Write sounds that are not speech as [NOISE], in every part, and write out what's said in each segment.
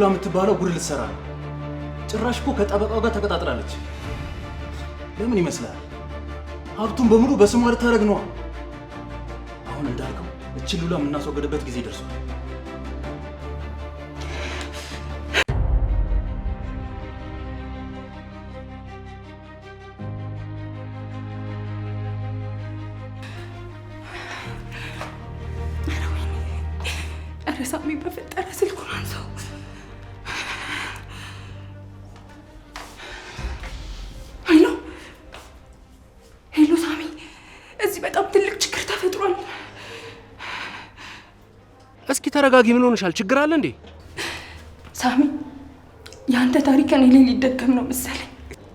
ሉላ የምትባለው ጉድ ልትሰራ ጭራሽ እኮ ከጠበቃው ጋር ተቀጣጥራለች። ለምን ይመስላል? ሀብቱን በሙሉ በስሟ ልታደርግ ነዋ። አሁን እንዳልከው እችን ሉላ የምናስወገድበት ጊዜ ደርሷል። ተረጋጊ። ምን ሆነሻል? ችግር አለ እንዴ? ሳሚ፣ የአንተ ታሪክ እኔ ላይ ሊደገም ነው መሰለኝ።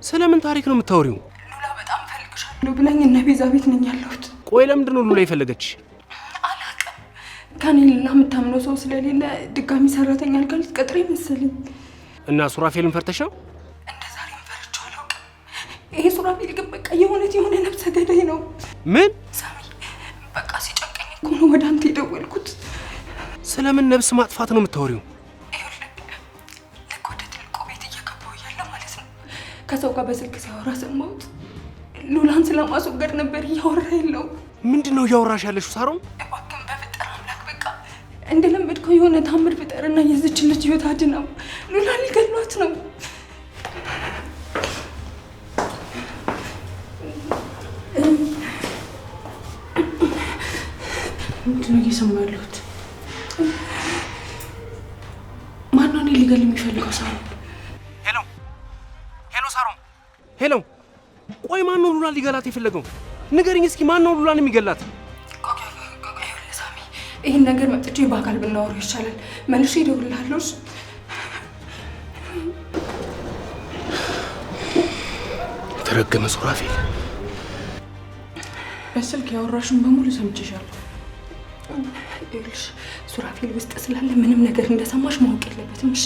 ስለምን ታሪክ ነው የምታወሪው? ሉላ በጣም ፈልግሻለሁ ብለኝ እነ ቤዛ ቤት ነኝ ያለሁት። ቆይ ለምንድን ነው ሉላ የፈለገች? አላውቅም። ከኔ ሌላ የምታምነው ሰው ስለሌለ ድጋሚ ሰራተኛ አልጋ ልትቀጥሪ መሰለኝ። እና ሱራፌልን ፈርተሽ ነው? እንደ ዛሬ ፈርቼው አላውቅም። ይሄ ሱራፌል ግን በቃ የእውነት የሆነ ነብሰ ገዳይ ነው። ምን ሳሚ፣ በቃ ሲጨቀኝ እኮ ነው ወደ አንተ የደወልኩት ስለምን ነብስ ማጥፋት ነው የምታወሪው? ልክ ወደ ትልቁ ቤት እያገባው እያለ ማለት ነው ከሰው ጋር በስልክ ሲያወራ ሰማሁት። ሉላን ስለማስወገድ ነበር እያወራ ያለው። ምንድን ነው እያወራሽ ያለሽው ሳሮን? እባክህን በፍጠር አምላክ በቃ እንደ እንደለመድከው የሆነ ታምር ፍጠርና የዝች ልጅ ህይወት አድነው። ሉላ ሊገሏት ነው። ምንድን ነው እየሰማሁ ያለሁት? ሳሮን። ሄሎ ሄሎ፣ ሳሮን ሄሎ። ቆይ ማን ነው ሉላን ሊገላት የፈለገው? ንገሪኝ እስኪ ማን ነው ሉላን የሚገላት? ሳሚ፣ ይህን ነገር መጥቼ በአካል ብናወራው ይሻላል። መልሼ እደውልልሃለሁ። የተረገመ ሱራፌል፣ በስልክ ያወራሽን በሙሉ ሰምቼሻለሁ። ይኸውልሽ ሱራፌል ውስጥ ስላለ ምንም ነገር እንደሰማሽ ማወቅ የለበትም። እሺ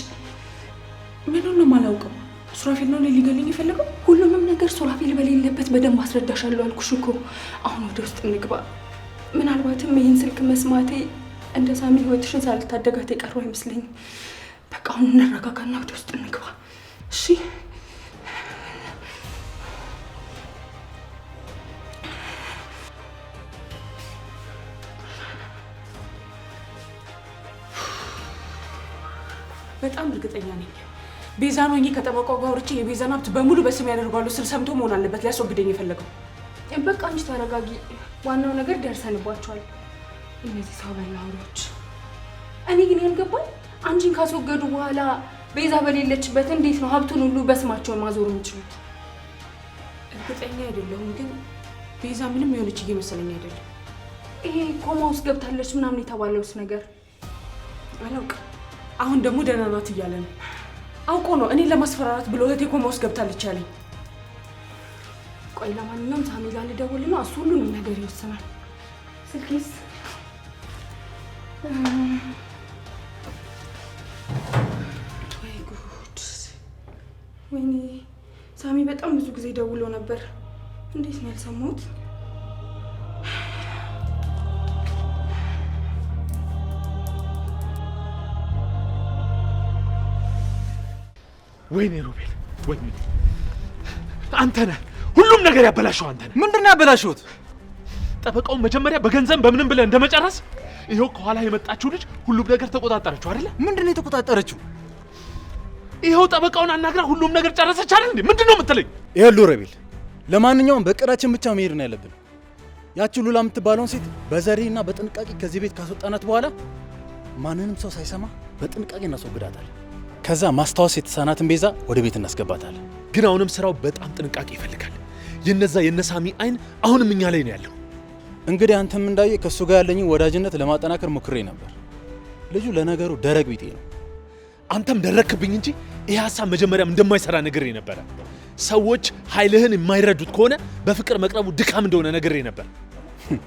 ምኑን ነው የማላውቀው? ሱራፌል ነው ሊገለኝ የፈለገው? ሁሉንም ነገር ሱራፌል በሌለበት በደንብ አስረዳሻለሁ አልኩሽ እኮ። አሁን ወደ ውስጥ እንግባ። ምናልባትም ይህን ስልክ መስማቴ እንደ ሳሚ ህይወትሽን ሳልታደጋት የቀረው አይመስለኝም። በቃ አሁን እንረጋጋና ወደ ውስጥ እንግባ እሺ? በጣም እርግጠኛ ነኝ ቤዛን ሆኜ ከጠበቃው ጋር ወርቼ የቤዛን ሀብት በሙሉ በስም ያደርጓሉ ስል ሰምቶ መሆን አለበት ሊያስወግደኝ የፈለገው። በቃ አንቺ ተረጋጊ። ዋናው ነገር ደርሰንባቸዋል እነዚህ ሰው በላዎች። እኔ ግን ያልገባኝ አንቺን ካስወገዱ በኋላ ቤዛ በሌለችበት እንዴት ነው ሀብቱን ሁሉ በስማቸውን ማዞር የሚችሉት? እርግጠኛ አይደለሁም፣ ግን ቤዛ ምንም የሆነች እየመሰለኝ አይደለም። ይሄ ኮማ ውስጥ ገብታለች ምናምን የተባለውስ ነገር አላውቅም። አሁን ደግሞ ደህና ናት እያለ ነው አውቆ ነው እኔን ለማስፈራራት ብሎ እህቴ ኮማ ውስጥ ገብታለች ቆይ ለማንኛውም ሳሚ ጋር ልደውልና እሱ ሁሉንም ነገር ይወስናል። ስልኬስ ወይኔ ሳሚ በጣም ብዙ ጊዜ ደውሎ ነበር። እንዴት ነው ያልሰማሁት? ወይኔ ሮቤል፣ ወይኔ አንተ ነህ። ሁሉም ነገር ያበላሸው አንተ ነህ። ምንድን ነው ያበላሸሁት? ጠበቃውን መጀመሪያ በገንዘብ በምንም ብለህ እንደመጨረስ፣ ይኸው ከኋላ የመጣችው ልጅ ሁሉም ነገር ተቆጣጠረችው አይደለ? ምንድን ነው የተቆጣጠረችው? ይኸው ጠበቃውን አናግራ ሁሉም ነገር ጨረሰች አይደል? እንዴ ምንድን ነው የምትለኝ? ይኸውልህ ሮቤል፣ ለማንኛውም በቅዳችን ብቻ መሄድ ነው ያለብን። ያቺው ሉላ የምትባለውን ሴት በዘዴና በጥንቃቄ ከዚህ ቤት ካስወጣናት በኋላ ማንንም ሰው ሳይሰማ በጥንቃቄ እናስወግዳታለን። ከዛ ማስታወስ የተሳናትን ቤዛ ወደ ቤት እናስገባታል። ግን አሁንም ስራው በጣም ጥንቃቄ ይፈልጋል። የነዛ የነሳሚ አይን አሁንም እኛ ላይ ነው ያለው። እንግዲህ አንተም እንዳየ ከእሱ ጋር ያለኝ ወዳጅነት ለማጠናከር ሞክሬ ነበር። ልጁ ለነገሩ ደረቅ ቢጤ ነው። አንተም ደረክብኝ እንጂ ይህ ሀሳብ መጀመሪያም እንደማይሰራ ነግሬ ነበረ። ሰዎች ኃይልህን የማይረዱት ከሆነ በፍቅር መቅረቡ ድካም እንደሆነ ነግሬ ነበር። [LAUGHS]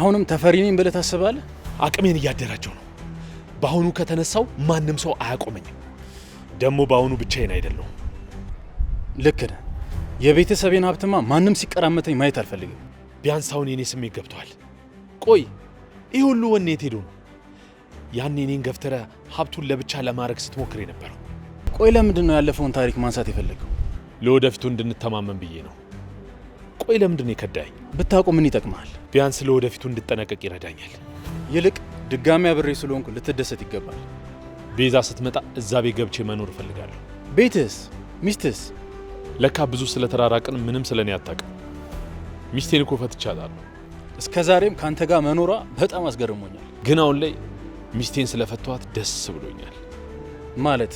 አሁንም ተፈሪ ነኝ ብለህ ታስባለህ? አቅሜን እያደራጀው ነው። በአሁኑ ከተነሳው ማንም ሰው አያቆመኝም። ደግሞ በአሁኑ ብቻዬን አይደለሁ። ልክ ነህ። የቤተሰቤን ሀብትማ ማንም ሲቀራመተኝ ማየት አልፈልግም። ቢያንስ አሁን የኔ ስሜት ገብተዋል። ቆይ ይህ ሁሉ ወኔ የት ሄዶ ነው? ያን እኔን ገፍተረ ሀብቱን ለብቻ ለማድረግ ስትሞክር የነበረው? ቆይ ለምንድን ነው ያለፈውን ታሪክ ማንሳት የፈለገው? ለወደፊቱ እንድንተማመን ብዬ ነው። ቆይ ለምንድን ነው የከዳኝ? ብታውቁ ምን ይጠቅመሃል? ቢያንስ ለወደፊቱ እንድጠነቀቅ ይረዳኛል። ይልቅ ድጋሚ አብሬ ስለሆንኩ ልትደሰት ይገባል። ቤዛ ስትመጣ እዛ ቤት ገብቼ መኖር እፈልጋለሁ። ቤትስ? ሚስትስ? ለካ ብዙ ስለተራራቅን ምንም ስለኔ አታውቅም። ሚስቴን እኮ ፈትቻታለሁ። እስከ ዛሬም ከአንተ ጋር መኖሯ በጣም አስገርሞኛል። ግን አሁን ላይ ሚስቴን ስለፈቷት ደስ ብሎኛል። ማለት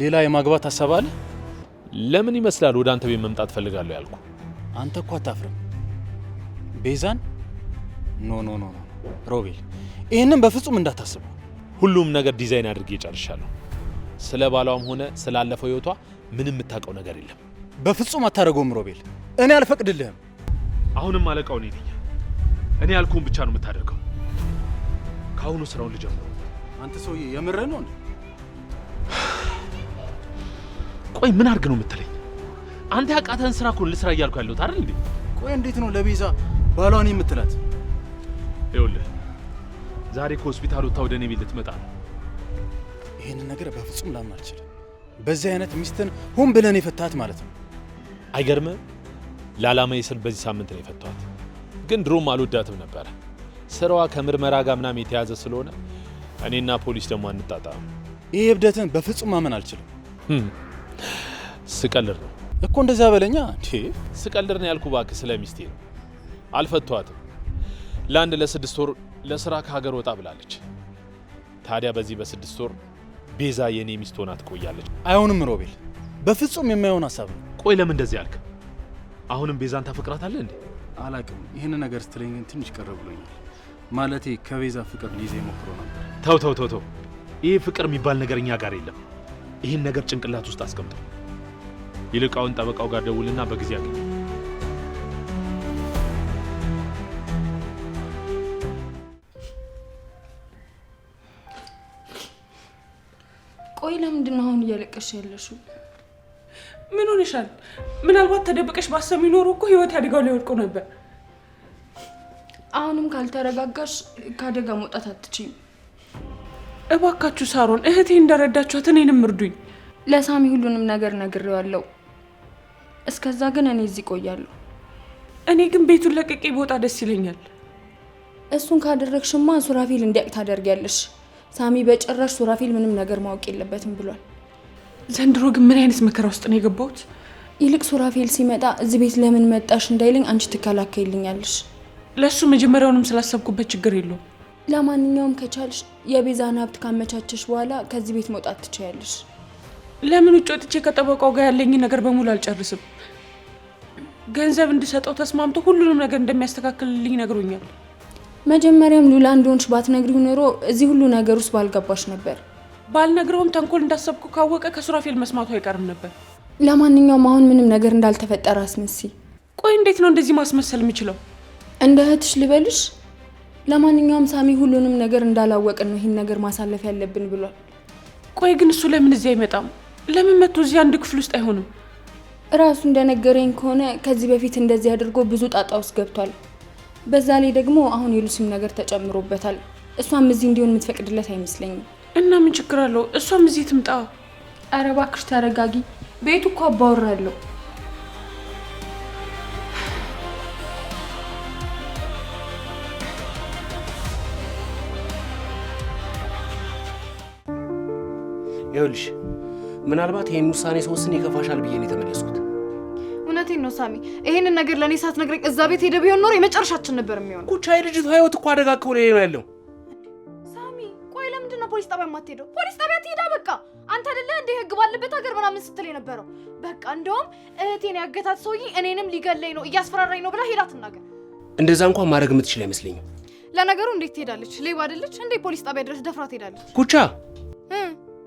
ሌላ የማግባት ሀሳብ አለ? ለምን ይመስላል ወደ አንተ ቤት መምጣት ፈልጋለሁ ያልኩ? አንተ እኮ አታፍርም ቤዛን። ኖ ኖ ኖ ሮቤል፣ ይህንን በፍጹም እንዳታስበው ሁሉም ነገር ዲዛይን አድርጌ ጨርሻለሁ። ስለ ባሏም ሆነ ስላለፈው ህይወቷ ምንም የምታውቀው ነገር የለም። በፍጹም አታደርገውም ሮቤል፣ እኔ አልፈቅድልህም። አሁንም አለቃው እኔ ነኝ። እኔ ያልኩህን ብቻ ነው የምታደርገው። ከአሁኑ ስራውን ልጀምረው። አንተ ሰውዬ የምርህ ነው? ቆይ ምን አድርግ ነው የምትለኝ? አንተ ያቃተህን ስራ እኮ ልስራ እያልኩ ያለሁት አይደል እንዴ? ቆይ እንዴት ነው ለቤዛ ባሏን የምትላት? ይኸውልህ ዛሬ ከሆስፒታል ወጥታ ወደ እኔ ቤት ልትመጣ ነው። ነገር በፍጹም ላምን አልችልም። በዚህ አይነት ሚስትን ሆን ብለን የፈታት ማለት ነው። አይገርምም? ላላማዬ ስል በዚህ ሳምንት ነው የፈቷት። ግን ድሮም አልወዳትም ነበረ። ስራዋ ከምርመራ ጋር ምናምን የተያዘ ስለሆነ እኔና ፖሊስ ደግሞ አንጣጣም። ይህ እብደትን በፍጹም ማመን አልችልም። ስቀልር ነው እኮ እንደዚያ በለኛ። እንዴ ስቀልር ነው ያልኩ እባክህ፣ ስለ ሚስቴ ነው። አልፈቷትም። ለአንድ ለስድስት ወር ለስራ ከሀገር ወጣ ብላለች። ታዲያ በዚህ በስድስት ወር ቤዛ የኔ ሚስት ሆና ትቆያለች። አይሆንም ሮቤል፣ በፍጹም የማይሆን ሀሳብ ነው። ቆይ ለምን እንደዚህ አልክ? አሁንም ቤዛን ታፈቅራታለህ እንዴ? አላቅም። ይህን ነገር ስትለኝ ግን ትንሽ ቀረ ብሎኛል። ማለቴ ከቤዛ ፍቅር ሊይዘ ሞክሮ ነበር። ተው ተው ተው ተው፣ ይህ ፍቅር የሚባል ነገር እኛ ጋር የለም። ይህን ነገር ጭንቅላት ውስጥ አስቀምጠው። ይልቃውን ጠበቃው ጋር ደውልና በጊዜ አገኘ እያለቀሽ ያለሽው? ምን ሆነሻል? ምናልባት ተደብቀሽ ባሰብ የሚኖረው እኮ ህይወት አደጋው ላይ ወድቆ ነበር። አሁንም ካልተረጋጋሽ ከአደጋ መውጣት አትችይም። እባካችሁ ሳሮን እህቴ እንደረዳችኋት እኔንም እርዱኝ። ለሳሚ ሁሉንም ነገር ነግሬዋለሁ። እስከዛ ግን እኔ እዚህ ቆያለሁ። እኔ ግን ቤቱን ለቅቄ በወጣ ደስ ይለኛል። እሱን ካደረግሽማ ሱራፌል እንዲያውቅ ታደርጊያለሽ። ሳሚ በጭራሽ ሱራፌል ምንም ነገር ማወቅ የለበትም ብሏል። ዘንድሮ ግን ምን አይነት መከራ ውስጥ ነው የገባሁት? ይልቅ ሱራፌል ሲመጣ እዚህ ቤት ለምን መጣሽ እንዳይለኝ አንቺ ትከላከይልኛለሽ። ለእሱ መጀመሪያውንም ስላሰብኩበት ችግር የለውም። ለማንኛውም ከቻልሽ የቤዛን ሀብት ካመቻቸሽ በኋላ ከዚህ ቤት መውጣት ትችያለሽ። ለምን ውጭ ወጥቼ ከጠበቃው ጋር ያለኝ ነገር በሙሉ አልጨርስም? ገንዘብ እንድሰጠው ተስማምቶ ሁሉንም ነገር እንደሚያስተካክልልኝ ነግሮኛል። መጀመሪያም ሉላ እንደሆንሽ ባትነግሪው ኖሮ እዚህ ሁሉ ነገር ውስጥ ባልገባሽ ነበር። ባልነግረውም ተንኮል እንዳሰብኩ ካወቀ ከሱራፌል መስማቱ አይቀርም ነበር። ለማንኛውም አሁን ምንም ነገር እንዳልተፈጠረ አስመሲ። ቆይ እንዴት ነው እንደዚህ ማስመሰል የምችለው? እንደ እህትሽ ልበልሽ? ለማንኛውም ሳሚ ሁሉንም ነገር እንዳላወቅን ነው ይህን ነገር ማሳለፍ ያለብን ብሏል። ቆይ ግን እሱ ለምን እዚህ አይመጣም? ለምን መጥቶ እዚህ አንድ ክፍል ውስጥ አይሆንም? እራሱ እንደነገረኝ ከሆነ ከዚህ በፊት እንደዚህ አድርጎ ብዙ ጣጣ ውስጥ ገብቷል። በዛ ላይ ደግሞ አሁን የሉሲም ነገር ተጨምሮበታል። እሷም እዚህ እንዲሆን የምትፈቅድለት አይመስለኝም። እና ምን ችግር አለው? እሷም እዚህ ትምጣ። ኧረ እባክሽ ተረጋጊ። ቤቱ እኮ አባወራለሁ። ይኸውልሽ ምናልባት ይህን ውሳኔ ስወስን ይከፋሻል ብዬ ነው የተመለስኩት። እውነቴን ነው ሳሚ፣ ይህንን ነገር ለእኔ ሳትነግረኝ እዛ ቤት ሄደ ቢሆን ኖሮ የመጨረሻችን ነበር የሚሆነው። ኩቻ የልጅቱ ህይወት እኮ አደጋ ከሆነ ነው ያለው ፖሊስ ጣቢያ የማትሄደው? ፖሊስ ጣቢያ ትሄዳ። በቃ አንተ አደለ እንደ ህግ ባለበት ሀገር ምናምን ስትል የነበረው። በቃ እንደውም እህቴን ያገታት ሰውዬ እኔንም ሊገለኝ ነው እያስፈራራኝ ነው ብላ ሄዳ ትናገር። እንደዛ እንኳን ማድረግ የምትችል አይመስለኝም። ለነገሩ እንዴት ትሄዳለች? ሌባ አደለች እንዴ? ፖሊስ ጣቢያ ድረስ ደፍራ ትሄዳለች። ኩቻ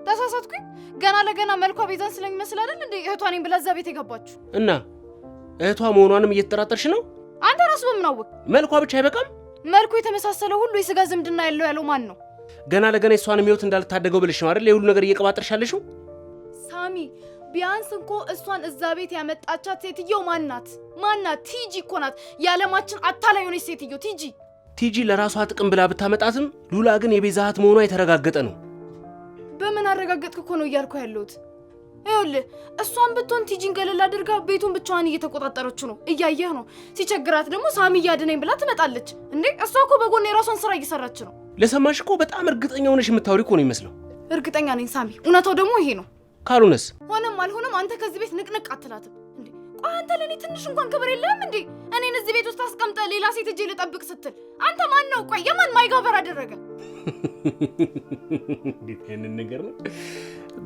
ተሳሳትኩኝ። ገና ለገና መልኳ ቤዛን ስለሚመስል አደል እንዴ እህቷ ብላ እዛ ቤት የገባችሁ እና እህቷ መሆኗንም እየተጠራጠርሽ ነው? አንተ ራሱ በምናወቅ መልኳ ብቻ አይበቃም። መልኩ የተመሳሰለ ሁሉ የስጋ ዝምድና ያለው ያለው ማን ነው? ገና ለገና እሷን ህይወት እንዳልታደገው ብልሽ ነው አይደል? የሁሉ ነገር እየቀባጠርሻለሽ ሳሚ። ቢያንስ እንኮ እሷን እዛ ቤት ያመጣቻት ሴትዮ ማናት? ማናት? ቲጂ እኮ ናት፣ የዓለማችን አታላይ የሆነች ሴትዮ ቲጂ። ቲጂ ለራሷ ጥቅም ብላ ብታመጣትም ሉላ ግን የቤዛሃት መሆኗ የተረጋገጠ ነው። በምን አረጋገጥክ እኮ ነው እያልኩ ያለሁት። ይኸውልህ እሷን ብትሆን ቲጂን ገለል አድርጋ ቤቱን ብቻዋን እየተቆጣጠረችው ነው፣ እያየህ ነው። ሲቸግራት ደግሞ ሳሚ እያድነኝ ብላ ትመጣለች። እንዴ እሷ እኮ በጎን የራሷን ስራ እየሰራች ነው። ለሰማሽ እኮ በጣም እርግጠኛ ሆነሽ የምታወሪ እኮ ነው ይመስለው። እርግጠኛ ነኝ ሳሚ፣ እውነታው ደግሞ ይሄ ነው። ካልሆነስ? ሆነም አልሆነም አንተ ከዚህ ቤት ንቅንቅ አትላትም እንዴ? ቆይ አንተ ለእኔ ትንሽ እንኳን ክብር የለህም እንዴ? እኔን እዚህ ቤት ውስጥ አስቀምጠ ሌላ ሴት እጄ ልጠብቅ ስትል አንተ ማን ነው? ቆይ የማን ማይጋበር አደረገ? [LAUGHS] እንዴት ነገር ነው።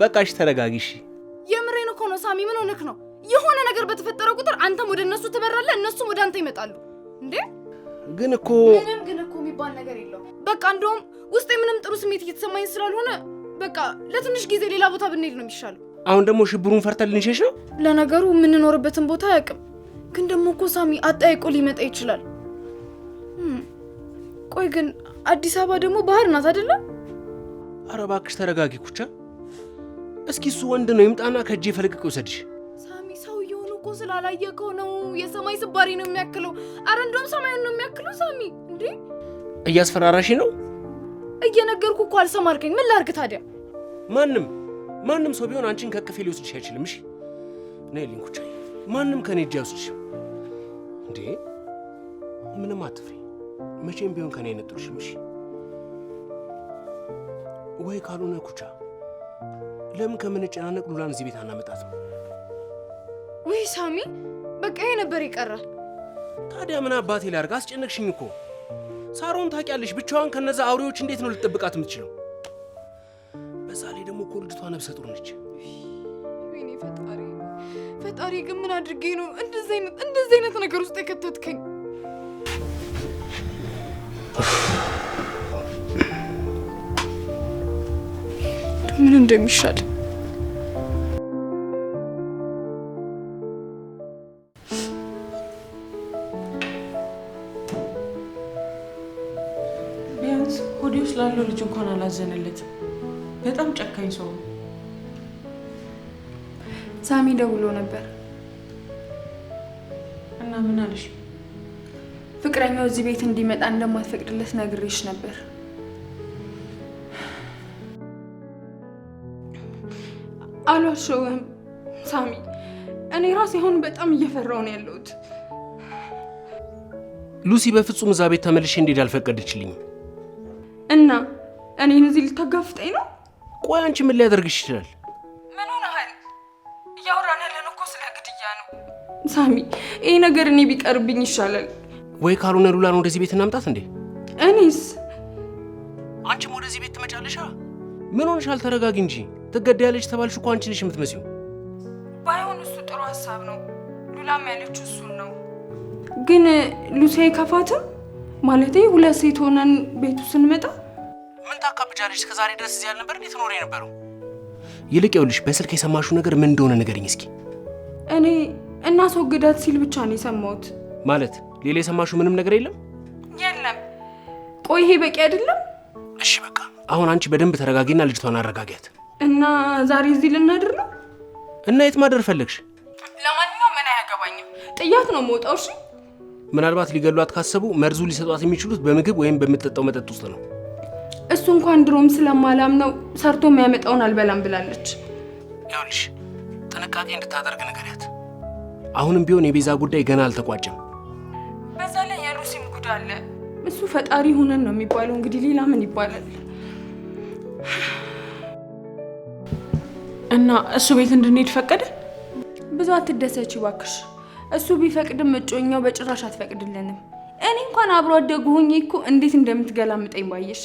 በቃሽ ተረጋጊሽ። የምሬን እኮ ነው ሳሚ፣ ምን ሆነክ ነው? የሆነ ነገር በተፈጠረው ቁጥር አንተም ወደ እነሱ ትበራለህ፣ እነሱም ወደ አንተ ይመጣሉ እንዴ ግን እኮ ምንም ግን እኮ የሚባል ነገር የለው። በቃ እንደውም ውስጤ ምንም ጥሩ ስሜት እየተሰማኝ ስላልሆነ በቃ ለትንሽ ጊዜ ሌላ ቦታ ብንሄድ ነው የሚሻለው። አሁን ደግሞ ሽብሩን ፈርተን ልንሸሽ ነው? ለነገሩ የምንኖርበትን ቦታ አያውቅም። ግን ደግሞ እኮ ሳሚ አጠያይቆ ሊመጣ ይችላል። ቆይ ግን አዲስ አበባ ደግሞ ባህር ናት አይደለም? አረ እባክሽ ተረጋጊ ኩቻ። እስኪ እሱ ወንድ ነው ይምጣና ከእጄ ፈልቅቅ ይውሰድሽ። ስላላየከው ነው። የሰማይ ስባሪ ነው የሚያክለው። አረ እንደውም ሰማዩን ነው የሚያክለው። ሳሚ እንዴ እያስፈራራሽ ነው። እየነገርኩ እኮ አልሰማ ምን ላርግ ታዲያ? ማንም ማንም ሰው ቢሆን አንቺን ከቅፌ ሊወስድሽ አይችልም። እሺ ነይ ሊንኩቻ፣ ማንም ከኔ እጅ አይወስድሽም። እንዴ ምንም አትፍሪ። መቼም ቢሆን ከኔ አይነጥልሽም። እሺ ወይ ካልሆነ ኩቻ፣ ለምን ከምንጨናነቅ ሉላን እዚህ ቤት አናመጣትም? ሳሚ፣ በቃ ይሄ ነበር ይቀራ። ታዲያ ምን አባቴ ላርግ? አስጨነቅሽኝ እኮ። ሳሮን ታውቂያለሽ፣ ብቻዋን ከነዛ አውሬዎች እንዴት ነው ልትጠብቃት የምትችለው? በዛ ላይ ደግሞ እኮ ልጅቷ ነፍሰ ጡር ነች። ወይኔ ፈጣሪ ፈጣሪ፣ ግን ምን አድርጌ ነው እንደዚህ አይነት እንደዚህ አይነት ነገር ውስጥ የከተትከኝ? ምን እንደሚሻል አዘነለት። በጣም ጨካኝ ሰው ነው። ሳሚ ደውሎ ነበር እና ምን አለሽ? ፍቅረኛው እዚህ ቤት እንዲመጣ እንደማትፈቅድለት ነግሬሽ ነበር። አሏሸውም ሳሚ፣ እኔ ራሴ አሁን በጣም እየፈራው ነው ያለሁት። ሉሲ በፍጹም እዛ ቤት ተመልሼ እንዲሄድ አልፈቀደችልኝም እና እኔን እዚህ ልታጋፍጠኝ ነው? ቆይ አንቺ ምን ሊያደርግሽ ይችላል? ምን ሆነሃል? እያወራን ያለን እኮ ስለ ግድያ ነው ሳሚ። ይሄ ነገር እኔ ቢቀርብኝ ይሻላል። ወይ ካልሆነ ነው ወደዚህ ቤት እናምጣት እንዴ? እኔስ አንቺም ወደዚህ ቤት ትመጫለሻ? ምን ሆነሻል? ተረጋጊ እንጂ። ትገዳያለሽ ተባልሽ እኮ አንቺ ነሽ የምትመስዩ። ባይሆን እሱ ጥሩ ሀሳብ ነው። ሉላም ያለችው እሱን ነው። ግን ሉሲ አይከፋትም? ማለቴ ሁለት ሴት ሆነን ቤቱ ስንመጣ ምን ታካብጃለሽ? ዛሬ ድረስ እዚህ ያልነበር እንዴት ኖር የነበረው? ይልቅ ይኸውልሽ በስልክ የሰማሽው ነገር ምን እንደሆነ ንገሪኝ እስኪ። እኔ እናስወግዳት ሲል ብቻ ነው የሰማሁት። ማለት ሌላ የሰማሽው ምንም ነገር የለም? የለም። ቆይ ይሄ በቂ አይደለም? እሺ በቃ አሁን አንቺ በደንብ ተረጋጊና ልጅቷን አረጋጊያት። እና ዛሬ እዚህ ልናድር ነው? እና የት ማደር ፈለግሽ? ለማንኛውም ምን አያገባኝም። ጥያት ነው መውጣው። እሺ ምናልባት ሊገሏት ካሰቡ መርዙ ሊሰጧት የሚችሉት በምግብ ወይም በምትጠጣው መጠጥ ውስጥ ነው። እሱ እንኳን ድሮም ስለማላም ነው ሰርቶ የሚያመጣውን አልበላም ብላለች። ይኸውልሽ ጥንቃቄ እንድታደርግ ንገሪያት። አሁንም ቢሆን የቤዛ ጉዳይ ገና አልተቋጨም። በዛ ላይ የሉሲም ጉዳ አለ። እሱ ፈጣሪ ሁነን ነው የሚባለው። እንግዲህ ሌላ ምን ይባላል? እና እሱ ቤት እንድንሄድ ፈቀደ? ብዙ አትደሰች ባክሽ። እሱ ቢፈቅድም እጮኛው በጭራሽ አትፈቅድልንም። እኔ እንኳን አብሮ አደጉ ሆኜ እኮ እንዴት እንደምትገላምጠኝ ባየሽ።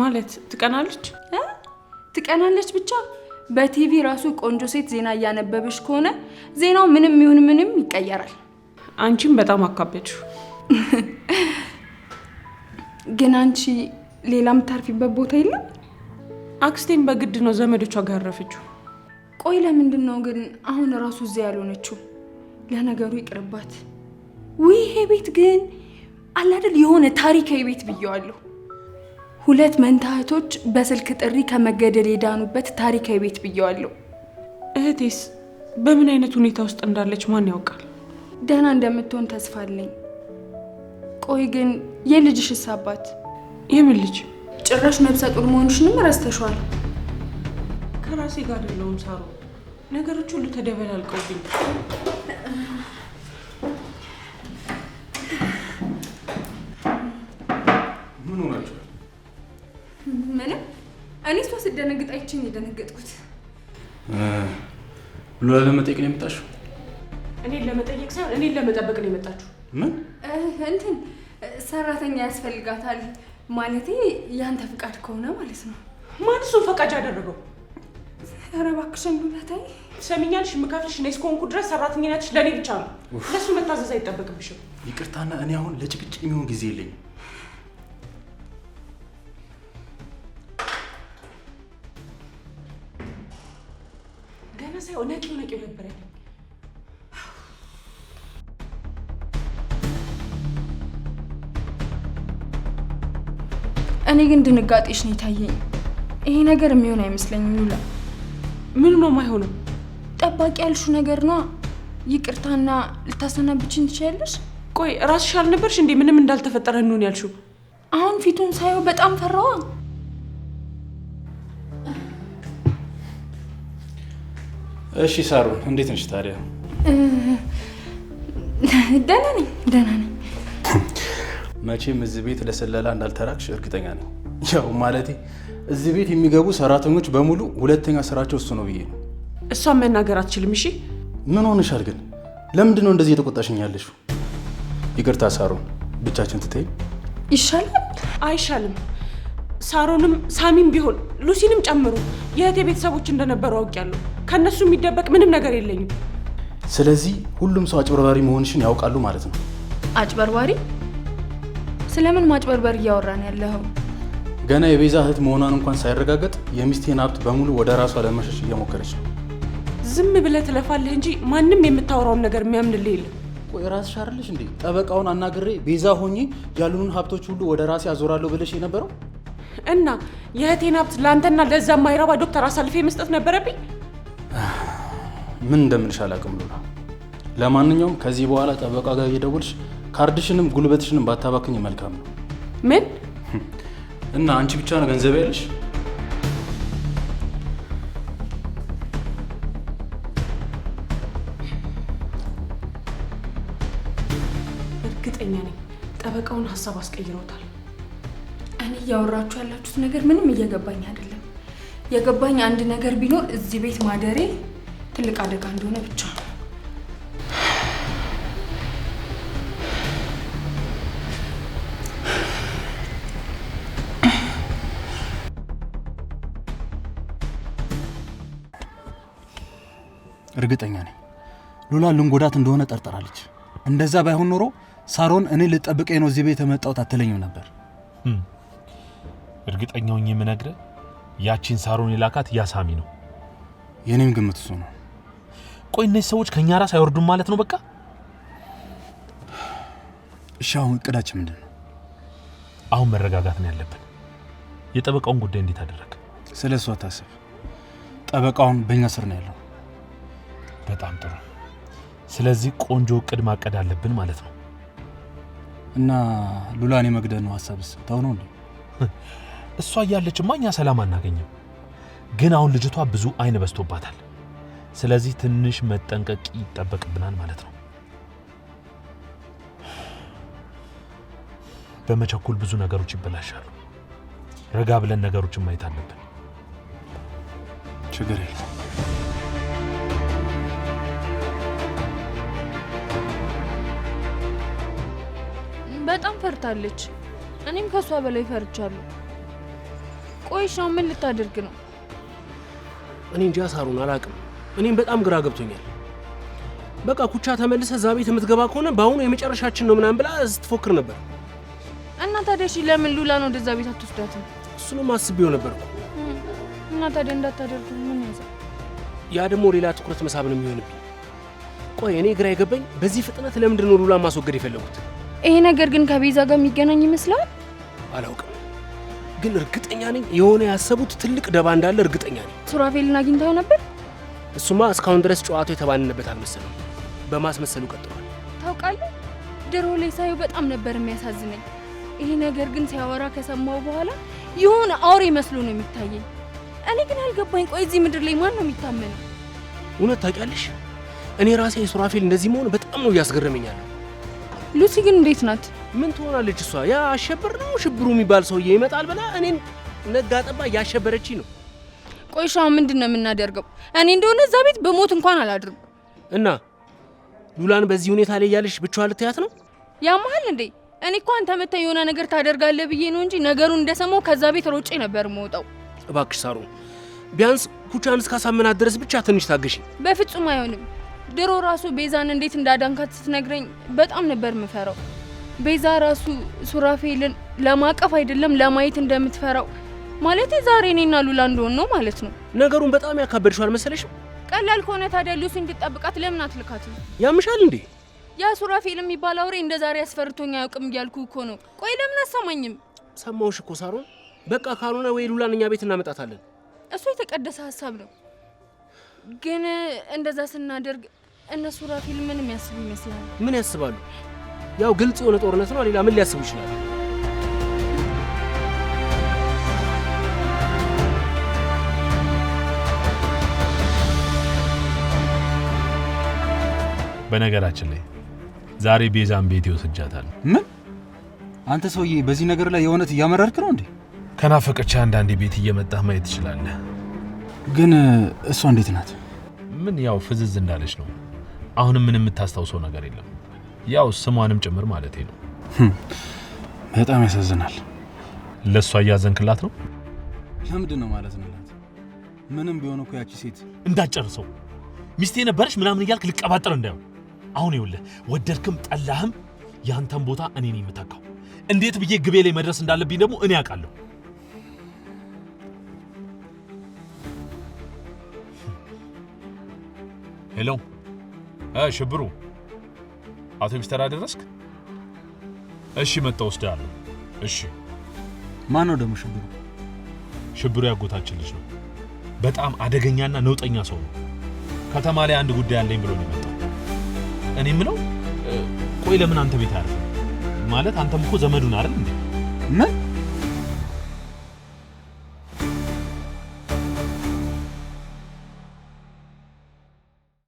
ማለት ትቀናለች ትቀናለች ብቻ በቲቪ ራሱ ቆንጆ ሴት ዜና እያነበበች ከሆነ ዜናው ምንም ይሁን ምንም ይቀየራል። አንቺም በጣም አካበች። [LAUGHS] ግን አንቺ ሌላ የምታርፊበት ቦታ የለም? አክስቴን በግድ ነው ዘመዶቿ ጋር ያረፈችው ቆይ ለምንድን ነው ግን አሁን ራሱ እዚያ ያልሆነችው? ለነገሩ ይቅርባት። ውይ ይሄ ቤት ግን አላደል የሆነ ታሪካዊ ቤት ብየዋለሁ። ሁለት መንታ እህቶች በስልክ ጥሪ ከመገደል የዳኑበት ታሪካዊ ቤት ብየዋለሁ። እህቴስ በምን አይነት ሁኔታ ውስጥ እንዳለች ማን ያውቃል? ደህና እንደምትሆን ተስፋ አለኝ። ቆይ ግን የልጅሽስ አባት? የምን ልጅ? ጭራሽ ነብሰ ጡር መሆንሽንም ረስተሸዋል። ከራሴ ጋር አይደለሁም ሳሮ፣ ነገሮች ሁሉ ተደበላልቀውብኝ ስትደነግጥ አይቼ ነው የደነገጥኩት። ብሎ ለመጠየቅ ነው የመጣችሁ? እኔን ለመጠየቅ ሳይሆን እኔን ለመጠበቅ ነው የመጣችሁ። ምን እንትን ሰራተኛ ያስፈልጋታል ማለት ያንተ ፍቃድ ከሆነ ማለት ነው። ማን እሱን ፈቃጅ አደረገው? ኧረ እባክሽ ሸምዱላታይ ሰሚኛልሽ የምከፍልሽ እኔ እስከሆንኩ ድረስ ሰራተኛነትሽ ለእኔ ብቻ ነው። ለእሱ መታዘዝ አይጠበቅብሽም። ይቅርታና እኔ አሁን ለጭቅጭቅ የሚሆን ጊዜ የለኝም። አውቄው ነበር ያለኝ። እኔ ግን ድንጋጤሽ ነው የታየኝ። ይሄ ነገር የሚሆን አይመስለኝም ሉላ። ምን ነው የማይሆነው? ጠባቂ ያልሹ ነገር ነዋ። ይቅርታና ልታሰናብችን ትችላለሽ። ቆይ ራስሽ አልነበርሽ እንዴ ምንም እንዳልተፈጠረ እንሆን ያልሹ? አሁን ፊቱን ሳየው በጣም ፈራዋ። እሺ ሳሩ እንዴት ነሽ? ታዲያ ደህና ነኝ፣ ደህና ነኝ። መቼም እዚህ ቤት ለስለላ እንዳልተራክሽ እርግጠኛ ነኝ። ያው ማለቴ እዚህ ቤት የሚገቡ ሰራተኞች በሙሉ ሁለተኛ ስራቸው እሱ ነው ብዬ ነው። እሷን መናገር አትችልም። እሺ ምን ሆንሻል ግን? ለምንድን ነው እንደዚህ የተቆጣሽኝ ይቅርታ ሳሩ፣ ብቻችን ትተይ ይሻላል። አይሻልም ሳሮንም ሳሚም ቢሆን ሉሲንም ጨምሩ የእህቴ ቤተሰቦች እንደነበሩ አውቄያለሁ። ከእነሱ የሚደበቅ ምንም ነገር የለኝም። ስለዚህ ሁሉም ሰው አጭበርባሪ መሆንሽን ያውቃሉ ማለት ነው። አጭበርባሪ? ስለምን ማጭበርበር እያወራን ያለኸው? ገና የቤዛ እህት መሆኗን እንኳን ሳይረጋገጥ የሚስቴን ሀብት በሙሉ ወደ ራሷ ለመሸሽ እየሞከረች ነው። ዝም ብለህ ትለፋለህ እንጂ ማንም የምታወራውን ነገር የሚያምንልህ የለም። ቆይ ራስሽ አይደለሽ እንዴ ጠበቃውን አናግሬ ቤዛ ሆኜ ያሉንን ሀብቶች ሁሉ ወደ ራሴ አዞራለሁ ብለሽ የነበረው? እና የእህቴን ሀብት ለአንተና ለዛ ማይረባ ዶክተር አሳልፌ መስጠት ነበረብኝ? ምን እንደምልሽ አላውቅም ሉላ። ለማንኛውም ከዚህ በኋላ ጠበቃ ጋር እየደወልሽ ካርድሽንም ጉልበትሽንም ባታባክኝ መልካም ነው። ምን እና አንቺ ብቻ ነው ገንዘብ ያለሽ? እርግጠኛ ነኝ ጠበቃውን ሀሳብ አስቀይረውታል። እኔ እያወራችሁ ያላችሁት ነገር ምንም እየገባኝ አይደለም። የገባኝ አንድ ነገር ቢኖር እዚህ ቤት ማደሬ ትልቅ አደጋ እንደሆነ ብቻ ነው። እርግጠኛ ነኝ ሉላ ልንጎዳት እንደሆነ ጠርጠራለች። እንደዛ ባይሆን ኖሮ ሳሮን እኔ ልጠብቀኝ ነው እዚህ ቤት የመጣሁት አትለኝም ነበር። እርግጠኛውን የምነግረ ያቺን ሳሮን የላካት ያሳሚ ነው። የእኔም ግምት እሱ ነው። ቆይ እነዚህ ሰዎች ከእኛ ራስ አይወርዱም ማለት ነው? በቃ እሺ፣ አሁን እቅዳችን ምንድን ነው? አሁን መረጋጋት ነው ያለብን። የጠበቃውን ጉዳይ እንዴት አደረግ? ስለ እሷ አታስብ። ጠበቃውን በእኛ ስር ነው ያለው። በጣም ጥሩ። ስለዚህ ቆንጆ እቅድ ማቀድ አለብን ማለት ነው። እና ሉላኔ መግደል ነው ሀሳብስ? ተው ነው እንዴ? [LAUGHS] እሷ እያለችማ እኛ ሰላም አናገኝም። ግን አሁን ልጅቷ ብዙ አይን በስቶባታል። ስለዚህ ትንሽ መጠንቀቅ ይጠበቅብናል ማለት ነው። በመቸኩል ብዙ ነገሮች ይበላሻሉ። ረጋ ብለን ነገሮችን ማየት አለብን። ችግር የለም። በጣም ፈርታለች። እኔም ከእሷ በላይ ፈርቻለሁ። ቆይሽ አሁን ምን ልታደርግ ነው? እኔ እንጃ ሳሩን፣ አላውቅም። እኔም በጣም ግራ ገብቶኛል። በቃ ኩቻ ተመልሰ እዛ ቤት የምትገባ ከሆነ በአሁኑ የመጨረሻችን ነው ምናምን ብላ ስትፎክር ነበር። እና ታዲያ ለምን ሉላ ነው ወደዛ ቤት አትወስዳትም? እሱንም አስቤው ነበር እኮ። እና ታዲያ እንዳታደርጉ ምን ያዘ? ያ ደግሞ ሌላ ትኩረት መሳብ ነው የሚሆንብኝ። ቆይ እኔ ግራ የገባኝ በዚህ ፍጥነት ለምንድን ነው ሉላ ማስወገድ የፈለጉት? ይሄ ነገር ግን ከቤዛ ጋር የሚገናኝ ይመስላል። አላውቅም ግን እርግጠኛ ነኝ የሆነ ያሰቡት ትልቅ ደባ እንዳለ እርግጠኛ ነኝ። ሱራፌልን አግኝተው ነበር? እሱማ እስካሁን ድረስ ጨዋታው የተባንነበት አልመሰለም። በማስመሰሉ ቀጥሏል። ታውቃለህ፣ ድሮ ላይ ሳየው በጣም ነበር የሚያሳዝነኝ። ይሄ ነገር ግን ሲያወራ ከሰማው በኋላ የሆነ አውሬ መስሎ ነው የሚታየኝ። እኔ ግን አልገባኝ። ቆይ እዚህ ምድር ላይ ማን ነው የሚታመነው? እውነት ታውቂያለሽ፣ እኔ ራሴ የሱራፌል እንደዚህ መሆን በጣም ነው እያስገረመኛለሁ። ሉሲ ግን እንዴት ናት? ምን ትሆናለች እሷ? ያ አሸበር ነው ሽብሩ የሚባል ሰውዬ ይመጣል ብላ እኔን ነጋጠባ እያሸበረች ነው። ቆይሻ ምንድን ነው የምናደርገው? እኔ እንደሆነ እዛ ቤት በሞት እንኳን አላድርም። እና ሉላን በዚህ ሁኔታ ላይ እያለሽ ብቻዋን ልትያት ነው? ያመሀል እንዴ? እኔ እኮ አንተ መታ የሆነ ነገር ታደርጋለህ ብዬ ነው እንጂ ነገሩን እንደሰማው ከዛ ቤት ሮጬ ነበር መውጣው። እባክሽ ሳሩ፣ ቢያንስ ኩቻን እስካሳመናት ድረስ ብቻ ትንሽ ታገሽ። በፍጹም አይሆንም። ድሮ ራሱ ቤዛን እንዴት እንዳዳንካት ስትነግረኝ በጣም ነበር የምፈራው። ቤዛ ራሱ ሱራፌልን ለማቀፍ አይደለም ለማየት እንደምትፈራው ማለት ዛሬ እኔና ሉላ እንደሆን ነው ማለት ነው። ነገሩን በጣም ያካበድሽው አልመሰለሽም? ቀላል ከሆነ ታዲያ ልሱ እንድጠብቃት ለምን አትልካት? ያምሻል እንዴ? ያ ሱራፌል የሚባል አውሬ እንደ ዛሬ አስፈርቶኝ አያውቅም እያልኩ እኮ ነው። ቆይ ለምን አሰማኝም? ሰማውሽ እኮ ሳሮን። በቃ ካልሆነ ወይ ሉላን እኛ ቤት እናመጣታለን። እሱ የተቀደሰ ሀሳብ ነው፣ ግን እንደዛ ስናደርግ እነሱ ራፊል ምን የሚያስቡ ይመስላል? ምን ያስባሉ? ያው ግልጽ የሆነ ጦርነት ነው። ሌላ ምን ሊያስቡ ይችላል? በነገራችን ላይ ዛሬ ቤዛን ቤት ይወስጃታል። ምን? አንተ ሰውዬ በዚህ ነገር ላይ የእውነት እያመረርክ ነው እንዴ? ከናፈቀች አንዳንዴ ቤት እየመጣህ ማየት ትችላለህ። ግን እሷ እንዴት ናት? ምን ያው ፍዝዝ እንዳለች ነው አሁንም ምን የምታስታውሰው ነገር የለም። ያው ስሟንም ጭምር ማለቴ ነው። hm. በጣም ያሳዝናል። ለእሷ እያዘንክላት ነው? ለምንድን ነው ማለት ነው? ምንም ቢሆን እኮ ያቺ ሴት እንዳትጨርሰው ሚስቴ ነበረች ምናምን እያልክ ልቀባጠር እንዳየው። አሁን ይኸውልህ፣ ወደድክም ጠላህም ያንተን ቦታ እኔ ነኝ የምተካው። እንዴት ብዬ ግቤ ላይ መድረስ እንዳለብኝ ደግሞ እኔ አውቃለሁ። hm. ሄሎ ሽብሩ አቶ ሚስተር አደረስክ? እሺ መጣሁ ወስድሃለሁ። እሺ ማን ነው ደግሞ ሽብሩ? ሽብሩ ያጎታችን ልጅ ነው። በጣም አደገኛና ነውጠኛ ሰው ነው። ከተማ ላይ አንድ ጉዳይ አለኝ ብሎ ነው የመጣው። እኔ ምለው ቆይ ለምን አንተ ቤት አያርፍም? ማለት አንተም እኮ ዘመዱን አይደል እንዴ? ምን